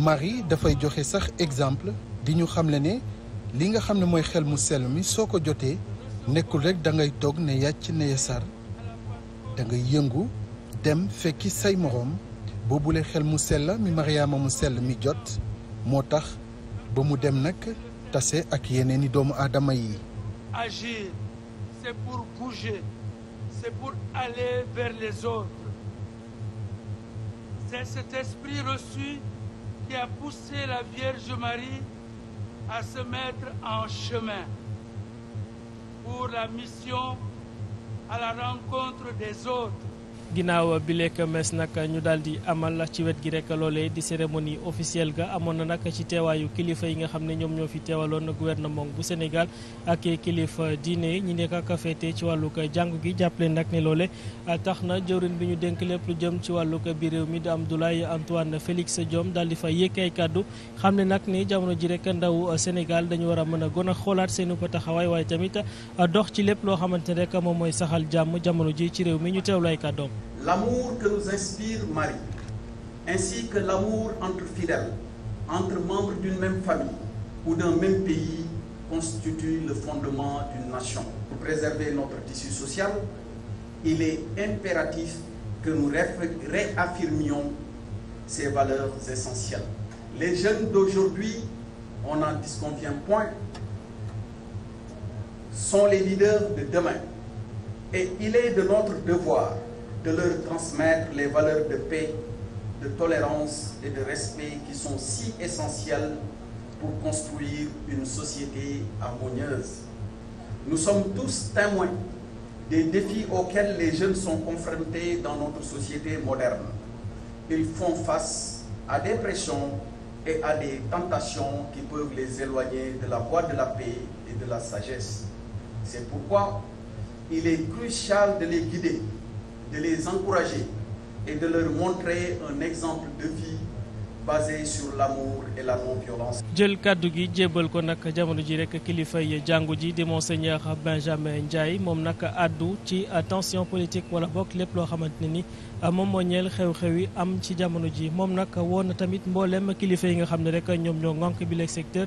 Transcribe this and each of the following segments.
Marie dafay joxe sax exemple di ñu xamle ne li nga xam ne mooy xel mu sell mi soo ko jotee nekkul rekk da ngay toog ne yàcc ne yasar dangay yëngu dem fekki say moroom boobule xel mu sell mi Mariama mu sell mi jot moo tax ba mu dem nag tase ak yeneen i doomu aadama yi. Agir, c'est pour bouger, c'est pour aller vers les autres. qui a poussé la Vierge Marie à se mettre en chemin pour la mission à la rencontre des autres ginnaaw bi lekk mes nag ñu daal di amal ci wet gi rek loole di cérémonie officielle ga amoon na nag ci teewaayu kilifa yi nga xam ne ñoom ñoo fi teewaloon gouvernement bu Sénégal ak kilifa diine ñi nekk ak féete ci wàllug jàng gi jàppale nag ne loole tax na jëwrin bi ñu denk lépp lu jëm ci wàllug biir réew mi di Abdoulaye Antoine Félix Diome daal di fa yëkk ay kàddu xam ne nag ni jamono ji rek ndaw Sénégal dañu war a mën a gën a xoolaat seenu ko taxawaay waaye tamit dox ci lépp loo xamante ne moom mooy saxal jàmm jamono ji ci réew mi ñu teewlu ay kàddoom l'amour que nous inspire Marie, ainsi que l'amour entre fidèles, entre membres d'une même famille ou d'un même pays, constitue le fondement d'une nation. Pour préserver notre tissu social, il est impératif que nous réaffirmions ces valeurs essentielles. Les jeunes d'aujourd'hui, on n'en disconvient point, sont les leaders de demain. Et il est de notre devoir de leur transmettre les valeurs de paix, de tolérance et de respect qui sont si essentielles pour construire une société harmonieuse. Nous sommes tous témoins des défis auxquels les jeunes sont confrontés dans notre société moderne. Ils font face à des pressions et à des tentations qui peuvent les éloigner de la voie de la paix et de la sagesse. C'est pourquoi il est crucial de les guider de les encourager et de leur montrer un exemple de vie basé sur l'amour jël kàddu gi jébbal ko nag jamono ji rek kilifay jàngu ji di monseigneur Benjamin Ndiaye moom nag àddu ci tension politique wala bokk lépp loo xamante ne ni moom moo ñeel xew-xew yi am ci jamono ji moom nag woon na tamit mboolem kilifa yi nga xam ne rek ñoom ñoo ŋànk bi leeg secteur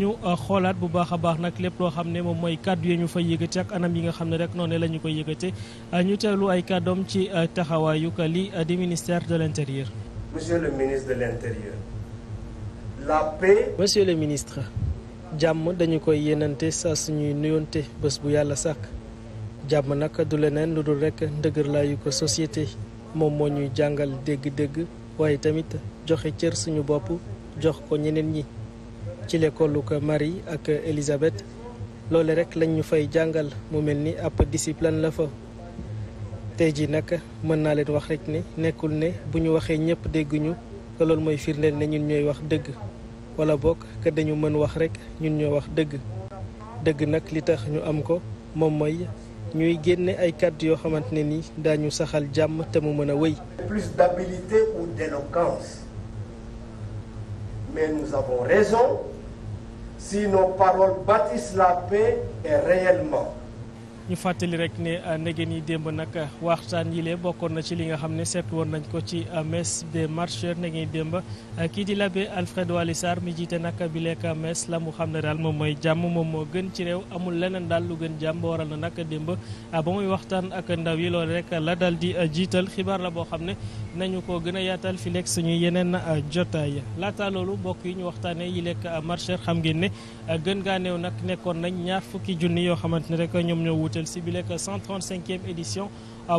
ñu xoolaat bu baax a baax nag lépp loo xam ne moom mooy kàddu yi ñu fay yëkkati ak anam yi nga xam ne rek noonu la ñu koy yëkkate ñu teewlu ay kàddoom ci taxawaayu li di ministère de l'intérieur. Monsieur le ministre le ministre jàmm dañu koy yéenante sa suñuy nuyoonte bés bu yàlla sàkk jàmm nag du leneen lu dul rekk ndëgër ko société moom moo ñuy jàngal dégg-dégg waaye tamit joxe cër suñu bopp jox ko ñeneen ñi ci lekkoolu ko Marie ak Elisabeth loole rekk lañ ñu fay jàngal mu mel ni ab discipline la fa. tey jii nag mën naa leen wax rek ne nekkul ne bu ñu waxee ñépp dégguñu que loolu mooy firndeel ne ñun ñooy wax dëgg wala bokk que dañu mën wax rek ñun ñoo wax dëgg dëgg nag li tax ñu am ko moom mooy ñuy génne ay kàddu yoo xamante ne nii daañu saxal jàmm te mu mën a wéy. plus d'habilité ou d'éloquence ñu fàttali rek ne euh, nege ni démb nag waxtaan yi bokkoon na ci li nga xam ne seet woon nañ ko ci euh, messe des marcheurs nege ni démb euh, kii di l'abbé Alfred Waly Sarr mi jiite nag bi lekk messe la mu xam ne daal moom mooy jàmm moom moo gën ci réew amul leneen daal lu gën jàmm ba nag démb ba muy waxtaan ak ndaw yi loolu rek la daal di jiital xibaar la boo xam ne nañu ko gën a yaatal fi lekk suñu yeneen jotaay laata loolu mbokk yi ñu waxtaanee lekk marcheur xam ngeen ne gën gaa néew nag nekkoon nañ ñaar fukki junni yoo xamante ne rek ñoom ñoo wute wéetal si bile ak 135e édition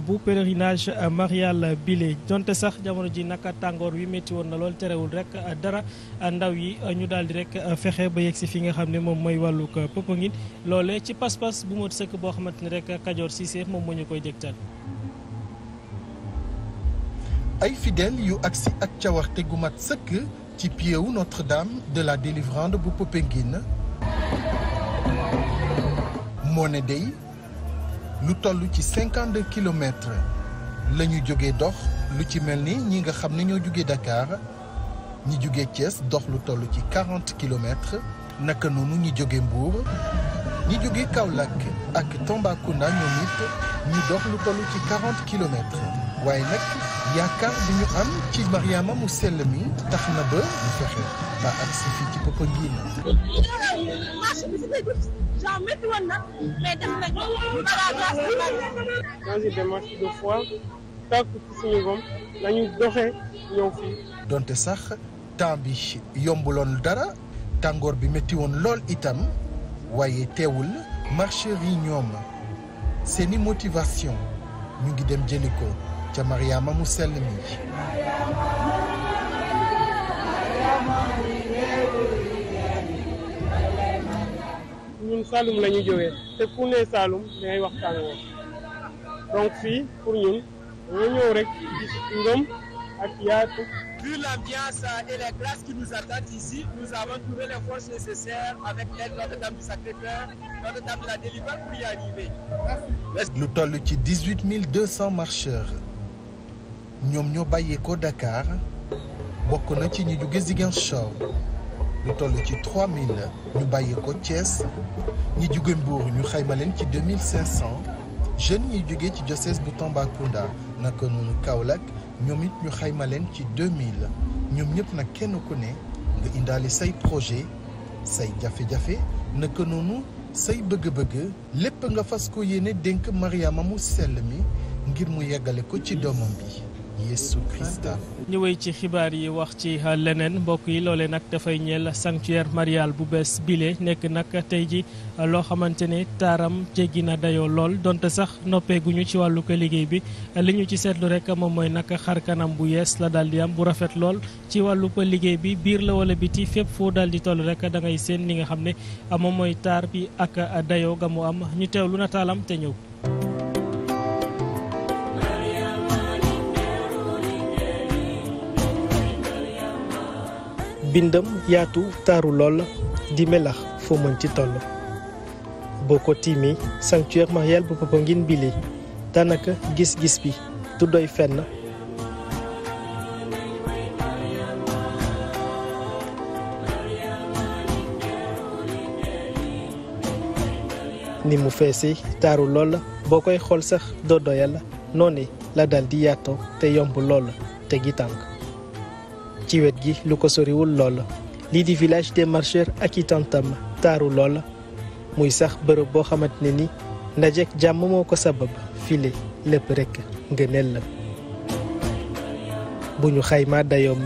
bu pèlerinage euh, marial bile donte sax jamono ji naka tàngoor wi métti woon na lool terewul rek euh, dara euh, ndaw yi ñu daal di rek fexe ba yegg si fi nga xam ne moom mooy wàllug Popenguine loole ci pas-pas bu mot sëkk boo xamante ne rek Kajoor Cissé moom moo ñu koy dégtal. ay fidèles yu agsi ak cawarte gu mat sëkk ci piewu Notre-Dame de la Délivrande bu Popenguine moo ne dey lu toll ci cinquante deux kilomètres la ñu jógee dox lu ci mel ni ñi nga xam ne ñoo jógee dakaar ñi jógee Thiès dox lu toll ci quarante kilomètres naka noonu ñi jógee Mbour ñi jógee Kaolack ak Tambacounda ñoom it ñu dox lu toll ci quarante kilomètres waaye nag yaakaar bi ñu am ci Mariama mu sell mi tax na ba ñu fexe. ba ak si fii ci Popenguine. marché bi si woon na mais def nañ ñu doxee ñëw fii. donte sax temps bi yombuloon dara tàngoor bi métti woon lool itam waaye teewul marcheurs yi ñoom seeni motivation ñu ngi dem jëli ko ca Mariama mu sell mi. ñun Saloum la ñu jógee te ku ne Saloum dangay waxtaan woon donc fii pour ñun dañoo ñëw rek gis ngëm ak yaatu. Vu l'ambiance et les classes qui nous attendent ici, nous avons trouvé les forces nécessaires avec l'aide Notre-Dame du Sacré-Cœur, Notre-Dame de la Délivrance pour y arriver. lu toll ci dix-huit mille deux cents marcheurs ñoom ñoo bàyyeekoo Dakar. bokk na ci ñi jóge Ziguinchor lu toll ci 3000 ñu bàyyi ko Thiès ñi jóge Mbour ñu xayma leen ci 2500 jeunes ñi jóge ci diocèse bu Tambacounda naka noonu Kaolack ñoom it ñu xayma leen ci 2000 ñoom ñëpp nag kenn ku ne nga indaale say projet say jafe-jafe naka noonu say bëgg-bëgg lépp nga fas ko yéene dénk Mariama mu sell mi ngir mu yeggale ko ci doomam bi. Yeesu ñu wéy ci xibaar yi wax ci leneen mbokk yi loole nag dafay ñeel sanctuaire marial bu bees bile nekk nag tey ji loo xamante ne taaram jéggi na dayoo lool donte sax noppeeguñu ci wàllu ko liggéey bi li ñu ci seetlu rek moom mooy nag xar kanam bu yees la daal di am bu rafet lool ci wàllu ko liggéey bi biir la wala biti fépp foo daal di toll rek da ngay seen li nga xam ne moom mooy taar bi ak dayoo ga mu am ñu lu na taalam te ñëw. bindam yaatu taaru lool di melax foo mën ci toll boo ko tiimee sanctuaire marial bu Popenguine bi li daanaka gis-gis bi du doy fenn ni mu feesi taaru lool boo koy xool sax doo doyal noone la daldi di yaatoo te yomb lool te gi tànk ci wet gi lu ko soriwul lool lii di village des marcheurs ak i tantam taaru lool la muy sax bërëb boo xamante ne ni ndajeek jàmm ko sabab file lépp rek ngëneel la bu ñu xaymaa dayoom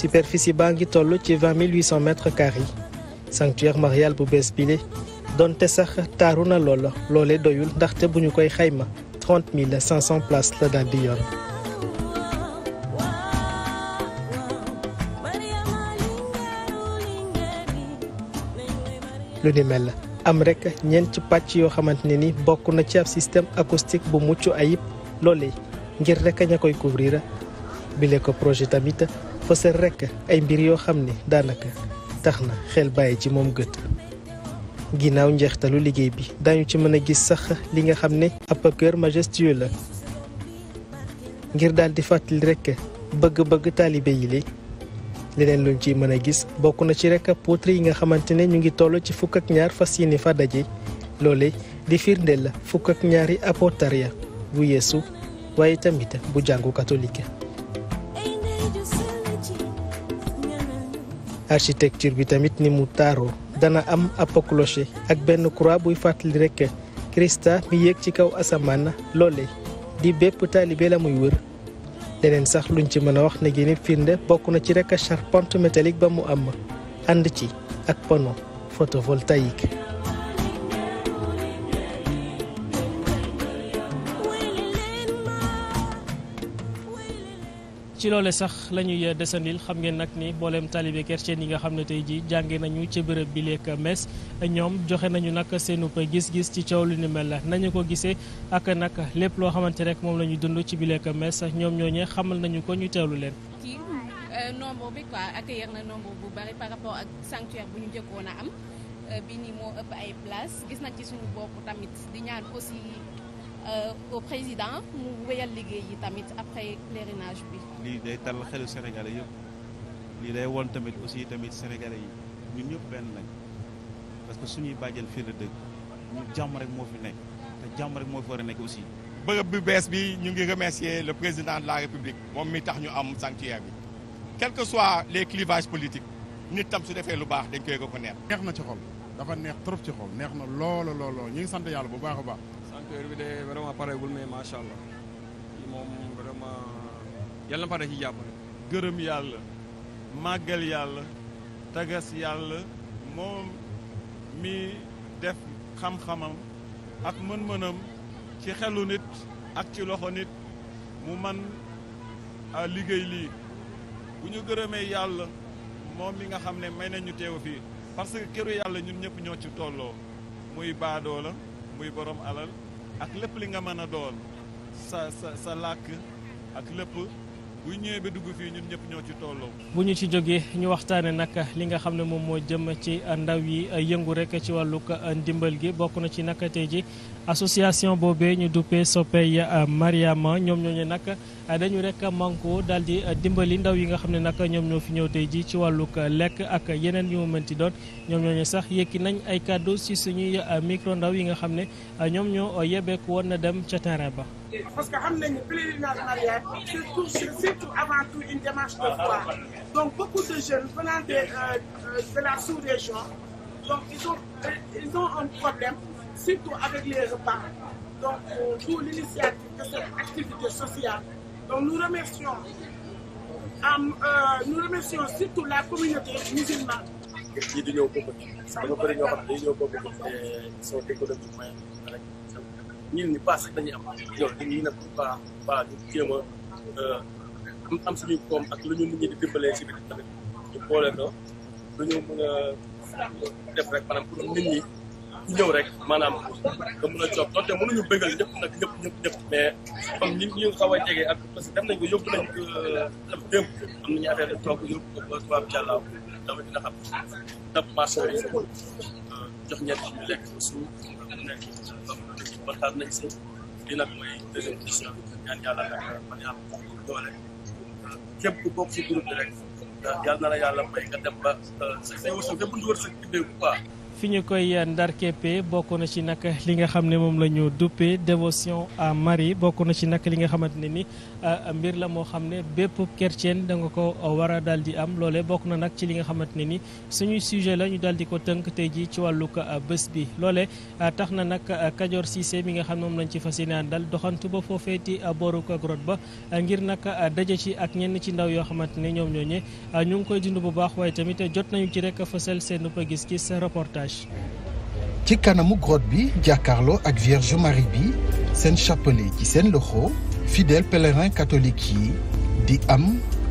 superficie baa ngi toll ci 20 800 mètres carrés yi sanctuaire marial bu bees bile donte sax taaru na lool la loole doyul ndaxte bu ñu koy xayma 30 500 places la daal di yor lu ni mel am rek ñeent ci pàcc yoo xamante ne ni bokk na ci ab système acoustique bu mucc ayib loole ngir rek ña koy couvrir bile ko projet tamit fësal rek ay mbir yoo xam ne daanaka tax na xel bàyyi ci moom gët. ginnaaw njeextalu liggéey bi dañu ci mën a gis sax li nga xam ne ab cœur majestueux la ngir daal di fàttali rek bëgg-bëgg taalibe yi li leen luñ ci mën a gis bokk na ci rek poterie yi nga xamante ne ñu ngi toll ci fukk ak ñaar fas yéene fa daje loole di firndeel la fukk ak ñaari apotariya bu yeesu waaye tamit bu jàngu catholique. architecture bi tamit ni mu taaroo dana am ab ak benn croix buy fàttali rek Krista mi yéeg ci kaw asamaan loole di bépp taalibe la muy wër. leneen sax lu ñu ci mën a wax ne génne firnde bokk na ci rek charpente métallique ba mu am ànd ci ak panneau photovoltaïque ci loole sax la ñuy desandil xam ngeen nag ni mbooleem taalibe kerceen yi nga xam ne tey jii jànge nañu ci bërëb bi lekk mes ñoom joxe nañu nag seenub gis-gis ci coow lu ni mel nañu ko gisee ak nag lépp loo xamante rek moom la ñu dund ci bi lekk mes ñoom ñooñee xamal nañu ko ñu teewlu leen. Euh, nombre bi quoi accueillir na nombre bu bari par rapport ak sanctuaire bu ñu njëkkoon a am euh, bi nii moo ëpp ay place gis nañ ci suñu bopp tamit di ñaan aussi Euh, au président mu wéyal liggéey yi tamit après pèlerinage bi. lii day tal xelu Sénégalais yëpp lii day won tamit aussi tamit Sénégalais yi ñun ñëpp benn lañ parce que suñuy bàjjen fii la dëgg ñu jàmm rek moo fi nekk te jàmm rek moo fi war a nekk aussi. bërëb bu bees bi ñu ngi remercier le président de la république moom mi tax ñu am sanctuaire bi quels que soient les clivages politiques nit tam su defee lu baax dañ koy reconnaître. neex na ci xol dafa neex trop ci xol na loolo looloo ñu sant yàlla bu baax a baax. heure bi de vraiment pareegul mais macha allah moom vraiment yàlla na pare gërëm yàlla màggal yàlla tagas yàlla moom mi def xam-xamam ak mën-mënam ci xelu nit ak ci loxo nit mu man a liggéey lii bu ñu gërëmee yàlla moom mi nga xam ne may nañu teew fii parce que këru yàlla ñun ñëpp ñoo ci tolloo muy baadoo la muy borom alal ak lépp li nga mën a doon sa sa sa làkk ak lépp bu ñëwee ba dugg fii ñun ñëpp ñoo ci tolloo. bu ñu ci jógee ñu waxtaanee nag li nga xam ne moom moo jëm ci ndaw yi yëngu rek ci wàllug ndimbal gi bokk na ci nag te ji association boobee ñu duppee soppey Mariama ñoom ñooñu nag. dañu rek manko daal di eh, dimbali ndaw yi nga xam ne nag ñoom ñoo fi ñëw tey ji ci wàllug eh, lekk ak yeneen yu mu mënti doon ñoom ñooñu sax yëkki nañ ay kàddu ci suñuy eh, mikro ndaw yi nga xam ne ñoom ñoo yebeek woon na dem ca terrain ba. Donc nous remercions, um, euh, surtout la communauté musulmane. ñi di ñëw boppati dama bëri ñoo xam ne dañuy ñëw boppati ils sont économiques ñi pas sax dañuy am yow dañ ñu ne baa pas ñu jéem euh, am am suñu koom ak lu ñu nit ñi di dimbalee si biir tamit ñu boole ko lu ñu mën a def rek maanaam pour nit ñi ku ñëw rek maanaam nga mën a coob donte mënuñu bëggal ñëpp nag ñëpp ñëpp ñëpp mais comme ñi ñu xaw a jege ak parce que def nañ ko yóbbu nañ ko euh, def démb am nañu affaire toog yóbbu ko ba euh, jox ñett ñu lekk suuf mu nekk kontaan nañ si lii nag mooy deuxième édition ñaan am doole euh, képp ku bokk si groupe bi rek yàlla na la yàlla may nga dem ba sa wërsëg lépp fi ñu koy ndarkeppe bokkoon na ci nag li nga xam ne moom la ñu duppee dévotion à Marie bokk na ci nag li nga xamante ne ni euh, mbir la moo xam ne bépp chrétien da nga ko war a daal di am loole bokk na nag ci li nga xamante ne ni suñuy sujet la ñu daal di ko tënk tey jii ci wàllug euh, bés bi. loole euh, tax na nag Kajoor Cissé bi nga xam ne moom lañ ci fas yéene àndal doxantu ba foofee ci booru grotte ba ngir nag daje ci ak ñenn ci ndaw yoo xamante ne ñoom ñooñee ñu ngi koy dund bu baax waaye tamit jot nañu ci rek fësal seen gis-gis reportage. ci kanamu grotte bi jàkkaarloo ak vierge Marie bi seen chapelet ci seen loxo fidèle pèlerin catholique di am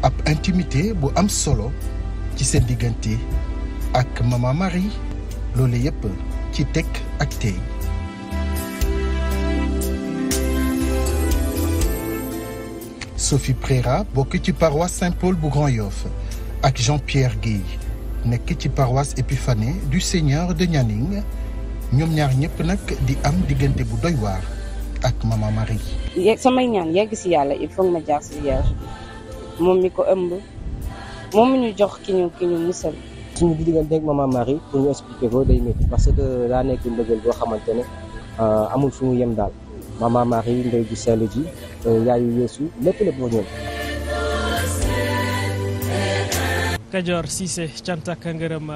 ab intimité bu am solo ci seen diggante ak mama Marie loolu ci tek ak tey. Sophie Préra bokk ci paroisse Saint-Paul bu Grand-Yoff ak Jean-Pierre Guèye nekk ci paroisse épiphanée du Seigneur de Nianing ñoom ñaar ñëpp nag di am diggante bu doy waar ak mama Marie. yeeg samay ñaan yegg si yàlla il faut ma jaar si vierge moom mi ko ëmb moom mi ñu jox ki ñu ki ñu musal. suñu diggante ak mama Marie pour ñu expliquer ko day métti parce que daa nekk mbëggeel boo xamante ne euh, amul fu mu yem daal mama Marie ndey ju sell ji euh, yaayu Yeesu lépp la boo ñëw. Kajoor Cissé cant ak ngërëm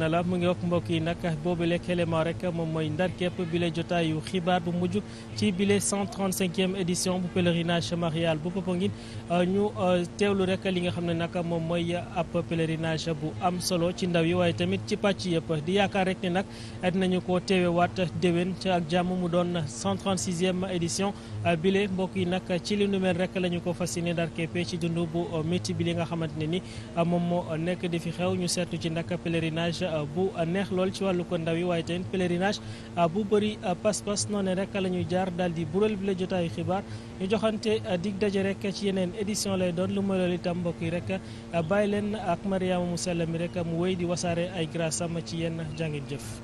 na la mu ngi wok mbokk yi nag boobu lekk élément rek moom mooy ndar képp bile jotaayu xibaar bu mujj ci bile 135e édition bu pèlerinage marial bu Popenguine euh, ñu euh, teewlu rek li nga xam ne nag moom mooy ab pèlerinage bu am solo ci ndaw yi waaye tamit ci pàcc yëpp di yaakaar rek ne nag dinañu ko teewewaat déwén ci ak jàmm mu doon 136e édition euh, bile mbokk yi nag ci li nu mel rek la ko fas yéene ndar képp ci dund bu métti bi li nga xamante ne ni nekk di fi xew ñu seetlu ci nag pèlerinage euh, bu euh, neex lool ci wàllu ko ndaw yi waaye tamit pèlerinage euh, bu bëri pas-pas noonu rek la ñuy jaar daal di bural bi la jotaayu xibaar ñu joxante dig daje rek ci yeneen édition lay doon lu mooy loolu itam mbokk yi rek bàyyi leen ak Mariama Musalla mi rek mu wéy di wasaare ay grâce am ci yenn jàngin jëf